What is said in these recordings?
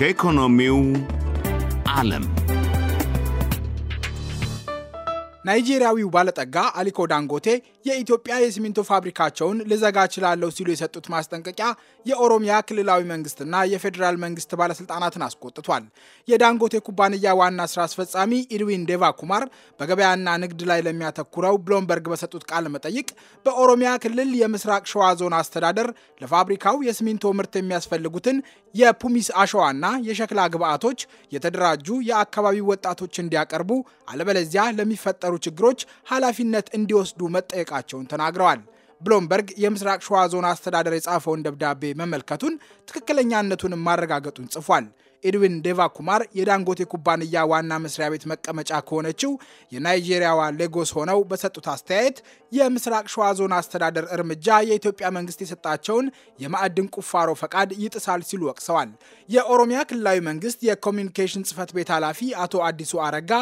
ከኢኮኖሚው ዓለም ናይጄሪያዊው ባለጠጋ አሊኮ ዳንጎቴ የኢትዮጵያ የሲሚንቶ ፋብሪካቸውን ልዘጋ ችላለሁ ሲሉ የሰጡት ማስጠንቀቂያ የኦሮሚያ ክልላዊ መንግስትና የፌዴራል መንግስት ባለስልጣናትን አስቆጥቷል። የዳንጎቴ ኩባንያ ዋና ስራ አስፈጻሚ ኢድዊን ዴቫ ኩማር በገበያና ንግድ ላይ ለሚያተኩረው ብሎምበርግ በሰጡት ቃለ መጠይቅ በኦሮሚያ ክልል የምስራቅ ሸዋ ዞን አስተዳደር ለፋብሪካው የሲሚንቶ ምርት የሚያስፈልጉትን የፑሚስ አሸዋና የሸክላ ግብዓቶች የተደራጁ የአካባቢው ወጣቶች እንዲያቀርቡ አለበለዚያ ለሚፈጠሩ ችግሮች ኃላፊነት እንዲወስዱ መጠየቅ መልቀቃቸውን ተናግረዋል። ብሎምበርግ የምስራቅ ሸዋ ዞን አስተዳደር የጻፈውን ደብዳቤ መመልከቱን ትክክለኛነቱን ማረጋገጡን ጽፏል። ኤድዊን ኩማር፣ የዳንጎቴ ኩባንያ ዋና መስሪያ ቤት መቀመጫ ከሆነችው የናይጄሪያዋ ሌጎስ ሆነው በሰጡት አስተያየት የምስራቅ ሸዋ ዞን አስተዳደር እርምጃ የኢትዮጵያ መንግስት የሰጣቸውን የማዕድን ቁፋሮ ፈቃድ ይጥሳል ሲሉ ወቅሰዋል። የኦሮሚያ ክልላዊ መንግስት የኮሚኒኬሽን ጽህፈት ቤት ኃላፊ አቶ አዲሱ አረጋ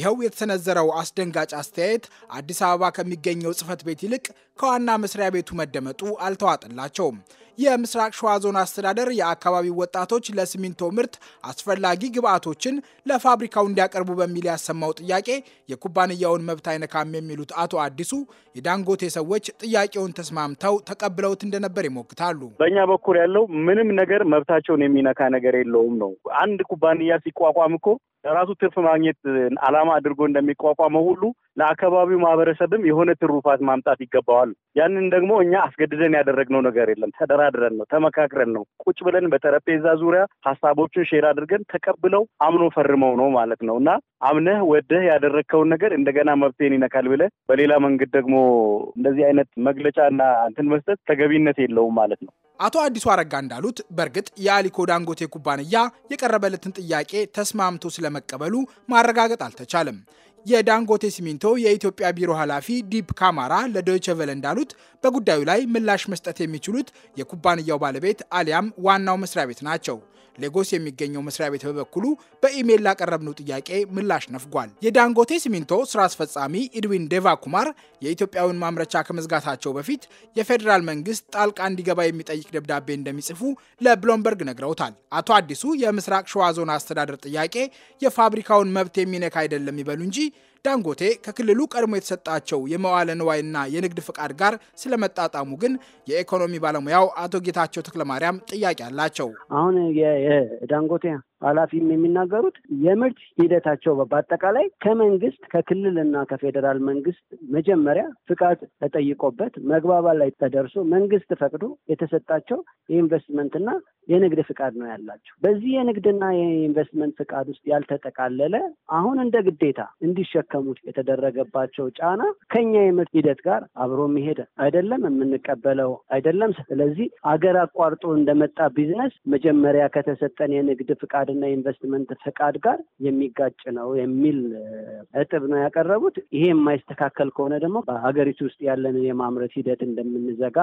ይኸው የተሰነዘረው አስደንጋጭ አስተያየት አዲስ አበባ ከሚገኘው ጽህፈት ቤት ይልቅ ከዋና መስሪያ ቤቱ መደመጡ አልተዋጠላቸውም። የምስራቅ ሸዋ ዞን አስተዳደር የአካባቢው ወጣቶች ለሲሚንቶ ምርት አስፈላጊ ግብዓቶችን ለፋብሪካው እንዲያቀርቡ በሚል ያሰማው ጥያቄ የኩባንያውን መብት አይነካም የሚሉት አቶ አዲሱ የዳንጎቴ ሰዎች ጥያቄውን ተስማምተው ተቀብለውት እንደነበር ይሞክታሉ። በእኛ በኩል ያለው ምንም ነገር መብታቸውን የሚነካ ነገር የለውም ነው። አንድ ኩባንያ ሲቋቋም እኮ ለራሱ ትርፍ ማግኘት አላማ አድርጎ እንደሚቋቋመው ሁሉ ለአካባቢው ማህበረሰብም የሆነ ትሩፋት ማምጣት ይገባዋል። ያንን ደግሞ እኛ አስገድደን ያደረግነው ነገር የለም። ተደራድረን ነው፣ ተመካክረን ነው፣ ቁጭ ብለን በጠረጴዛ ዙሪያ ሀሳቦችን ሼር አድርገን ተቀብለው አምኖ ፈርመው ነው ማለት ነው እና አምነህ ወደህ ያደረግከውን ነገር እንደገና መብቴን ይነካል ብለህ በሌላ መንገድ ደግሞ እንደዚህ አይነት መግለጫና እንትን መስጠት ተገቢነት የለውም ማለት ነው። አቶ አዲሱ አረጋ እንዳሉት በእርግጥ የአሊኮ ዳንጎቴ ኩባንያ የቀረበለትን ጥያቄ ተስማምቶ ስለመቀበሉ ማረጋገጥ አልተቻለም። የዳንጎቴ ሲሚንቶ የኢትዮጵያ ቢሮ ኃላፊ ዲፕ ካማራ ለዶይቸ ቨለ እንዳሉት በጉዳዩ ላይ ምላሽ መስጠት የሚችሉት የኩባንያው ባለቤት አሊያም ዋናው መስሪያ ቤት ናቸው። ሌጎስ የሚገኘው መስሪያ ቤት በበኩሉ በኢሜይል ላቀረብነው ጥያቄ ምላሽ ነፍጓል። የዳንጎቴ ሲሚንቶ ስራ አስፈጻሚ ኢድዊን ዴቫ ኩማር የኢትዮጵያውን ማምረቻ ከመዝጋታቸው በፊት የፌዴራል መንግስት ጣልቃ እንዲገባ የሚጠይቅ ደብዳቤ እንደሚጽፉ ለብሎምበርግ ነግረውታል። አቶ አዲሱ የምስራቅ ሸዋ ዞን አስተዳደር ጥያቄ የፋብሪካውን መብት የሚነካ አይደለም ይበሉ እንጂ ዳንጎቴ ከክልሉ ቀድሞ የተሰጣቸው የመዋለ ንዋይና የንግድ ፍቃድ ጋር ስለመጣጣሙ ግን የኢኮኖሚ ባለሙያው አቶ ጌታቸው ተክለማርያም ጥያቄ አላቸው። አሁን የዳንጎቴ ኃላፊም የሚናገሩት የምርት ሂደታቸው በአጠቃላይ ከመንግስት ከክልልና ከፌዴራል መንግስት መጀመሪያ ፍቃድ ተጠይቆበት መግባባት ላይ ተደርሶ መንግስት ፈቅዶ የተሰጣቸው የኢንቨስትመንትና የንግድ ፍቃድ ነው ያላቸው። በዚህ የንግድና የኢንቨስትመንት ፍቃድ ውስጥ ያልተጠቃለለ አሁን እንደ ግዴታ እንዲሸከሙት የተደረገባቸው ጫና ከኛ የምርት ሂደት ጋር አብሮ የሚሄድ አይደለም፣ የምንቀበለው አይደለም። ስለዚህ አገር አቋርጦ እንደመጣ ቢዝነስ መጀመሪያ ከተሰጠን የንግድ ፍቃድ ፈቃድና ኢንቨስትመንት ፈቃድ ጋር የሚጋጭ ነው የሚል እጥብ ነው ያቀረቡት። ይሄ የማይስተካከል ከሆነ ደግሞ በሀገሪቱ ውስጥ ያለንን የማምረት ሂደት እንደምንዘጋ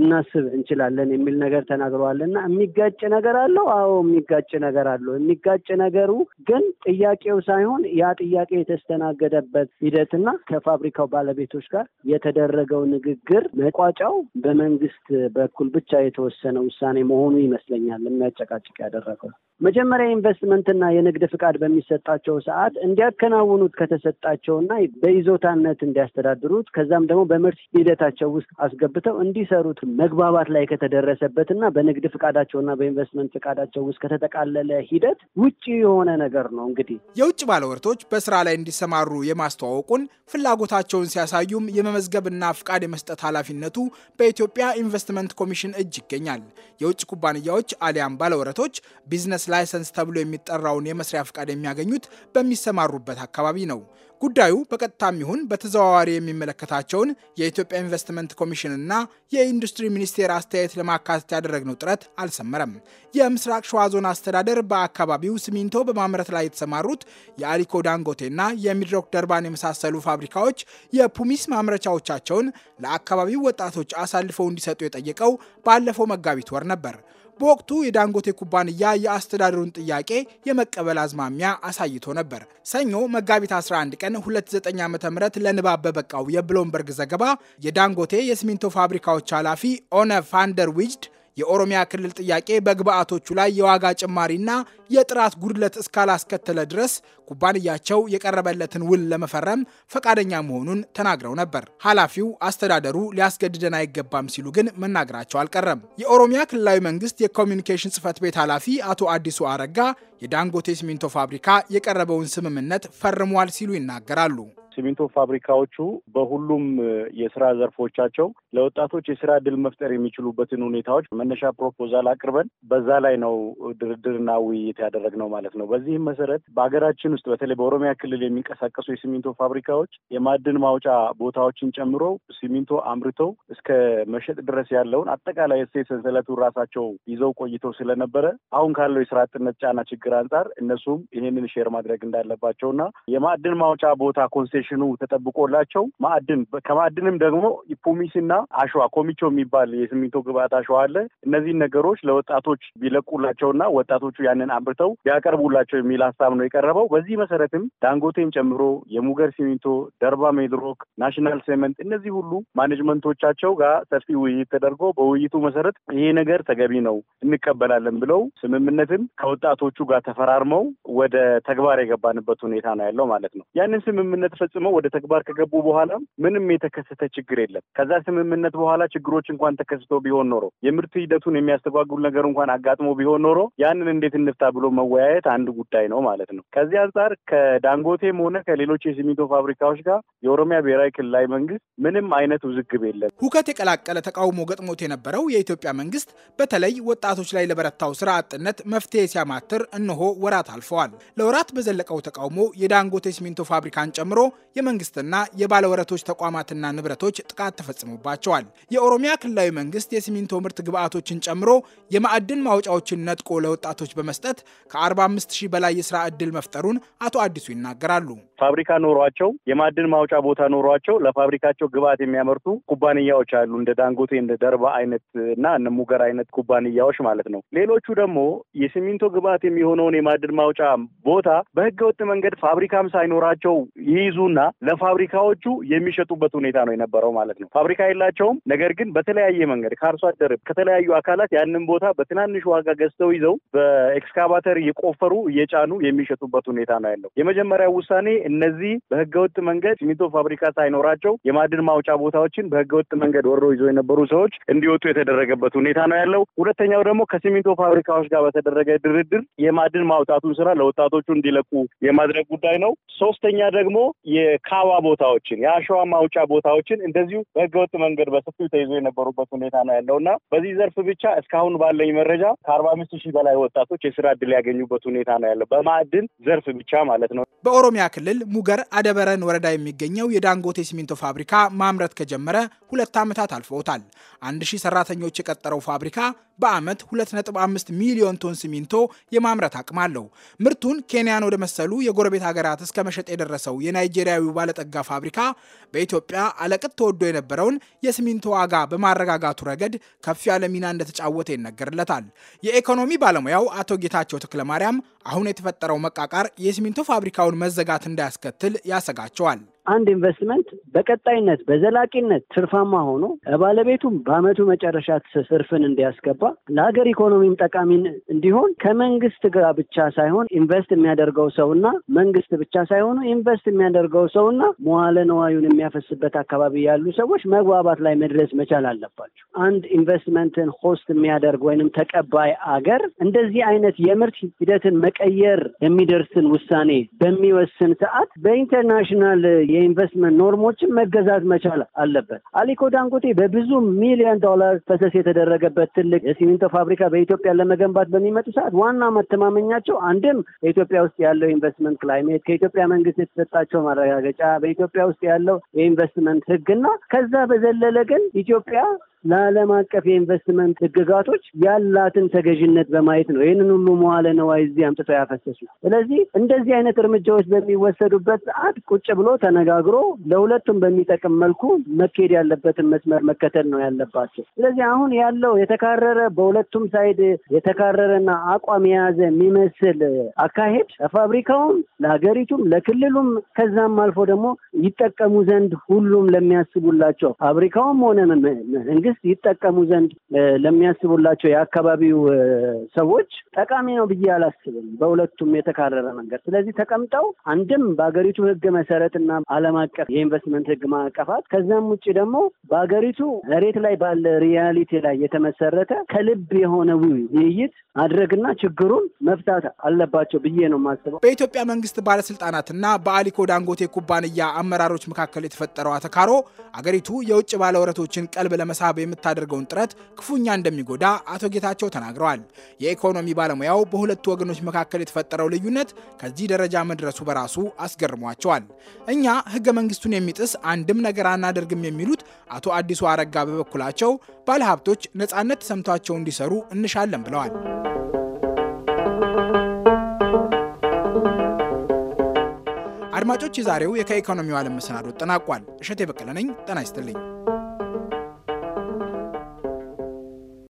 እናስብ እንችላለን የሚል ነገር ተናግረዋል። እና የሚጋጭ ነገር አለው። አዎ የሚጋጭ ነገር አለው። የሚጋጭ ነገሩ ግን ጥያቄው ሳይሆን ያ ጥያቄ የተስተናገደበት ሂደትና ከፋብሪካው ባለቤቶች ጋር የተደረገው ንግግር መቋጫው በመንግስት በኩል ብቻ የተወሰነ ውሳኔ መሆኑ ይመስለኛል የሚያጨቃጭቅ ያደረገው። ነበር። መጀመሪያ ኢንቨስትመንትና የንግድ ፍቃድ በሚሰጣቸው ሰዓት እንዲያከናውኑት ከተሰጣቸውና በይዞታነት እንዲያስተዳድሩት ከዛም ደግሞ በምርት ሂደታቸው ውስጥ አስገብተው እንዲሰሩት መግባባት ላይ ከተደረሰበትና በንግድ ፍቃዳቸውና በኢንቨስትመንት ፍቃዳቸው ውስጥ ከተጠቃለለ ሂደት ውጭ የሆነ ነገር ነው። እንግዲህ የውጭ ባለወርቶች በስራ ላይ እንዲሰማሩ የማስተዋወቁን ፍላጎታቸውን ሲያሳዩም የመመዝገብና ፍቃድ የመስጠት ኃላፊነቱ በኢትዮጵያ ኢንቨስትመንት ኮሚሽን እጅ ይገኛል። የውጭ ኩባንያዎች አሊያም ባለወረቶች ቢዝነስ ላይሰንስ ተብሎ የሚጠራውን የመስሪያ ፍቃድ የሚያገኙት በሚሰማሩበት አካባቢ ነው። ጉዳዩ በቀጥታም ይሁን በተዘዋዋሪ የሚመለከታቸውን የኢትዮጵያ ኢንቨስትመንት ኮሚሽንና የኢንዱስትሪ ሚኒስቴር አስተያየት ለማካተት ያደረግነው ጥረት አልሰመረም። የምስራቅ ሸዋ ዞን አስተዳደር በአካባቢው ሲሚንቶ በማምረት ላይ የተሰማሩት የአሊኮ ዳንጎቴና የሚድሮክ ደርባን የመሳሰሉ ፋብሪካዎች የፑሚስ ማምረቻዎቻቸውን ለአካባቢው ወጣቶች አሳልፈው እንዲሰጡ የጠየቀው ባለፈው መጋቢት ወር ነበር። በወቅቱ የዳንጎቴ ኩባንያ የአስተዳደሩን ጥያቄ የመቀበል አዝማሚያ አሳይቶ ነበር። ሰኞ መጋቢት 11 ቀን 29 ዓ ም ለንባብ በበቃው የብሎምበርግ ዘገባ የዳንጎቴ የሲሚንቶ ፋብሪካዎች ኃላፊ ኦነ ፋንደር ዊጅድ የኦሮሚያ ክልል ጥያቄ በግብአቶቹ ላይ የዋጋ ጭማሪና የጥራት ጉድለት እስካላስከተለ ድረስ ኩባንያቸው የቀረበለትን ውል ለመፈረም ፈቃደኛ መሆኑን ተናግረው ነበር። ኃላፊው አስተዳደሩ ሊያስገድደን አይገባም ሲሉ ግን መናገራቸው አልቀረም። የኦሮሚያ ክልላዊ መንግስት የኮሚኒኬሽን ጽህፈት ቤት ኃላፊ አቶ አዲሱ አረጋ የዳንጎቴ ሲሚንቶ ፋብሪካ የቀረበውን ስምምነት ፈርሟል ሲሉ ይናገራሉ። ሲሚንቶ ፋብሪካዎቹ በሁሉም የስራ ዘርፎቻቸው ለወጣቶች የስራ እድል መፍጠር የሚችሉበትን ሁኔታዎች መነሻ ፕሮፖዛል አቅርበን በዛ ላይ ነው ድርድርና ውይይት ነው ማለት ነው። በዚህም መሰረት በሀገራችን ውስጥ በተለይ በኦሮሚያ ክልል የሚንቀሳቀሱ የሲሚንቶ ፋብሪካዎች የማዕድን ማውጫ ቦታዎችን ጨምሮ ሲሚንቶ አምርተው እስከ መሸጥ ድረስ ያለውን አጠቃላይ እሴት ሰንሰለቱን ራሳቸው ይዘው ቆይተው ስለነበረ አሁን ካለው የስራ አጥነት ጫና ችግር አንጻር እነሱም ይህንን ሼር ማድረግ እንዳለባቸውና የማዕድን ማውጫ ቦታ ኮንሴሽኑ ተጠብቆላቸው ማዕድን ከማዕድንም ደግሞ ፑሚስና አሸዋ ኮሚቾ የሚባል የሲሚንቶ ግብአት አሸዋ አለ። እነዚህን ነገሮች ለወጣቶች ቢለቁላቸውና ወጣቶቹ ያንን አምርተው ያቀርቡላቸው የሚል ሀሳብ ነው የቀረበው። በዚህ መሰረትም ዳንጎቴን ጨምሮ የሙገር ሲሚንቶ፣ ደርባ ሜድሮክ፣ ናሽናል ሴመንት እነዚህ ሁሉ ማኔጅመንቶቻቸው ጋር ሰፊ ውይይት ተደርጎ በውይይቱ መሰረት ይሄ ነገር ተገቢ ነው እንቀበላለን ብለው ስምምነትም ከወጣቶቹ ጋር ተፈራርመው ወደ ተግባር የገባንበት ሁኔታ ነው ያለው ማለት ነው። ያንን ስምምነት ፈጽመው ወደ ተግባር ከገቡ በኋላ ምንም የተከሰተ ችግር የለም። ከዛ ስምምነት በኋላ ችግሮች እንኳን ተከስተው ቢሆን ኖሮ የምርት ሂደቱን የሚያስተጓጉል ነገር እንኳን አጋጥሞ ቢሆን ኖሮ ያንን እንዴት እንፍታ ብሎ መወያየት አንድ ጉዳይ ነው ማለት ነው። ከዚህ አንጻር ከዳንጎቴም ሆነ ከሌሎች የሲሚንቶ ፋብሪካዎች ጋር የኦሮሚያ ብሔራዊ ክልላዊ መንግስት ምንም አይነት ውዝግብ የለም። ሁከት የቀላቀለ ተቃውሞ ገጥሞት የነበረው የኢትዮጵያ መንግስት በተለይ ወጣቶች ላይ ለበረታው ስራ አጥነት መፍትሄ ሲያማትር እነሆ ወራት አልፈዋል። ለወራት በዘለቀው ተቃውሞ የዳንጎቴ ሲሚንቶ ፋብሪካን ጨምሮ የመንግስትና የባለወረቶች ተቋማትና ንብረቶች ጥቃት ተፈጽሞባቸዋል። የኦሮሚያ ክልላዊ መንግስት የሲሚንቶ ምርት ግብአቶችን ጨምሮ የማዕድን ማውጫዎችን ነጥቆ ለወጣቶች በመስጠት ከ45 ሺህ በላይ የስራ እድል መፍጠሩን አቶ አዲሱ ይናገራሉ። ፋብሪካ ኖሯቸው የማዕድን ማውጫ ቦታ ኖሯቸው ለፋብሪካቸው ግብዓት የሚያመርቱ ኩባንያዎች አሉ። እንደ ዳንጎቴ፣ እንደ ደርባ አይነት እና እነ ሙገር አይነት ኩባንያዎች ማለት ነው። ሌሎቹ ደግሞ የሲሚንቶ ግብዓት የሚሆነውን የማዕድን ማውጫ ቦታ በህገወጥ መንገድ ፋብሪካም ሳይኖራቸው ይይዙና ለፋብሪካዎቹ የሚሸጡበት ሁኔታ ነው የነበረው ማለት ነው። ፋብሪካ የላቸውም። ነገር ግን በተለያየ መንገድ ከአርሶ አደር ከተለያዩ አካላት ያንን ቦታ በትናንሽ ዋጋ ገዝተው ይዘው በኤክስካ ኤክስካቫተር እየቆፈሩ እየጫኑ የሚሸጡበት ሁኔታ ነው ያለው። የመጀመሪያው ውሳኔ እነዚህ በህገወጥ መንገድ ሲሚንቶ ፋብሪካ ሳይኖራቸው የማዕድን ማውጫ ቦታዎችን በህገወጥ መንገድ ወሮ ይዞ የነበሩ ሰዎች እንዲወጡ የተደረገበት ሁኔታ ነው ያለው። ሁለተኛው ደግሞ ከሲሚንቶ ፋብሪካዎች ጋር በተደረገ ድርድር የማዕድን ማውጣቱን ስራ ለወጣቶቹ እንዲለቁ የማድረግ ጉዳይ ነው። ሶስተኛ ደግሞ የካዋ ቦታዎችን የአሸዋ ማውጫ ቦታዎችን እንደዚሁ በህገወጥ መንገድ በሰፊው ተይዞ የነበሩበት ሁኔታ ነው ያለው እና በዚህ ዘርፍ ብቻ እስካሁን ባለኝ መረጃ ከአርባ አምስት ሺህ በላይ ወጣቶች የስራ እድል ያገኙበት ሁኔታ ነው ያለው፣ በማዕድን ዘርፍ ብቻ ማለት ነው። በኦሮሚያ ክልል ሙገር አደበረን ወረዳ የሚገኘው የዳንጎቴ ሲሚንቶ ፋብሪካ ማምረት ከጀመረ ሁለት ዓመታት አልፈውታል። አንድ ሺህ ሰራተኞች የቀጠረው ፋብሪካ በዓመት 2.5 ሚሊዮን ቶን ሲሚንቶ የማምረት አቅም አለው። ምርቱን ኬንያን ወደ መሰሉ የጎረቤት ሀገራት እስከ መሸጥ የደረሰው የናይጄሪያዊው ባለጠጋ ፋብሪካ በኢትዮጵያ አለቅት ተወዶ የነበረውን የሲሚንቶ ዋጋ በማረጋጋቱ ረገድ ከፍ ያለ ሚና እንደተጫወተ ይነገርለታል። የኢኮኖሚ ባለሙያው አቶ ጌታቸው ጌታቸው ተክለማርያም አሁን የተፈጠረው መቃቃር የሲሚንቶ ፋብሪካውን መዘጋት እንዳያስከትል ያሰጋቸዋል። አንድ ኢንቨስትመንት በቀጣይነት በዘላቂነት ትርፋማ ሆኖ ባለቤቱም በአመቱ መጨረሻ ትርፍን እንዲያስገባ ለሀገር ኢኮኖሚም ጠቃሚ እንዲሆን ከመንግስት ጋር ብቻ ሳይሆን ኢንቨስት የሚያደርገው ሰውና መንግስት ብቻ ሳይሆኑ ኢንቨስት የሚያደርገው ሰውና መዋለ ነዋዩን የሚያፈስበት አካባቢ ያሉ ሰዎች መግባባት ላይ መድረስ መቻል አለባቸው። አንድ ኢንቨስትመንትን ሆስት የሚያደርግ ወይንም ተቀባይ አገር እንደዚህ አይነት የምርት ሂደትን መቀየር የሚደርስን ውሳኔ በሚወስን ሰዓት በኢንተርናሽናል የኢንቨስትመንት ኖርሞችን መገዛት መቻል አለበት። አሊኮ ዳንጎቴ በብዙ ሚሊዮን ዶላር ፈሰስ የተደረገበት ትልቅ የሲሚንቶ ፋብሪካ በኢትዮጵያ ለመገንባት በሚመጡ ሰዓት ዋና መተማመኛቸው አንድም በኢትዮጵያ ውስጥ ያለው ኢንቨስትመንት ክላይሜት ከኢትዮጵያ መንግስት የተሰጣቸው ማረጋገጫ፣ በኢትዮጵያ ውስጥ ያለው የኢንቨስትመንት ህግና ከዛ በዘለለ ግን ኢትዮጵያ ለዓለም አቀፍ የኢንቨስትመንት ህግጋቶች ያላትን ተገዥነት በማየት ነው ይህንን ሁሉ መዋለ ነዋይ እዚህ አምጥተው ያፈሰሱ። ስለዚህ እንደዚህ አይነት እርምጃዎች በሚወሰዱበት ሰዓት ቁጭ ብሎ ተነጋግሮ ለሁለቱም በሚጠቅም መልኩ መካሄድ ያለበትን መስመር መከተል ነው ያለባቸው። ስለዚህ አሁን ያለው የተካረረ በሁለቱም ሳይድ የተካረረና አቋም የያዘ የሚመስል አካሄድ ለፋብሪካውም፣ ለሀገሪቱም፣ ለክልሉም ከዛም አልፎ ደግሞ ይጠቀሙ ዘንድ ሁሉም ለሚያስቡላቸው ፋብሪካውም ሆነ መንግስት ይጠቀሙ ዘንድ ለሚያስቡላቸው የአካባቢው ሰዎች ጠቃሚ ነው ብዬ አላስብም። በሁለቱም የተካረረ መንገድ። ስለዚህ ተቀምጠው አንድም በሀገሪቱ ህግ መሰረት እና ዓለም አቀፍ የኢንቨስትመንት ህግ ማዕቀፋት ከዚያም ውጭ ደግሞ በሀገሪቱ መሬት ላይ ባለ ሪያሊቲ ላይ የተመሰረተ ከልብ የሆነ ውይይት ማድረግና ችግሩን መፍታት አለባቸው ብዬ ነው የማስበው። በኢትዮጵያ መንግስት ባለስልጣናትና በአሊኮ ዳንጎቴ ኩባንያ አመራሮች መካከል የተፈጠረው አተካሮ አገሪቱ የውጭ ባለውረቶችን ቀልብ ለመሳብ የምታደርገውን ጥረት ክፉኛ እንደሚጎዳ አቶ ጌታቸው ተናግረዋል። የኢኮኖሚ ባለሙያው በሁለቱ ወገኖች መካከል የተፈጠረው ልዩነት ከዚህ ደረጃ መድረሱ በራሱ አስገርሟቸዋል። እኛ ህገ መንግስቱን የሚጥስ አንድም ነገር አናደርግም የሚሉት አቶ አዲሱ አረጋ በበኩላቸው ባለሀብቶች ነፃነት ተሰምቷቸው እንዲሰሩ እንሻለን ብለዋል። አድማጮች፣ የዛሬው የከኢኮኖሚው ዓለም መሰናዶ ጠናቋል። እሸቴ በቀለ ነኝ። ጤና ይስጥልኝ።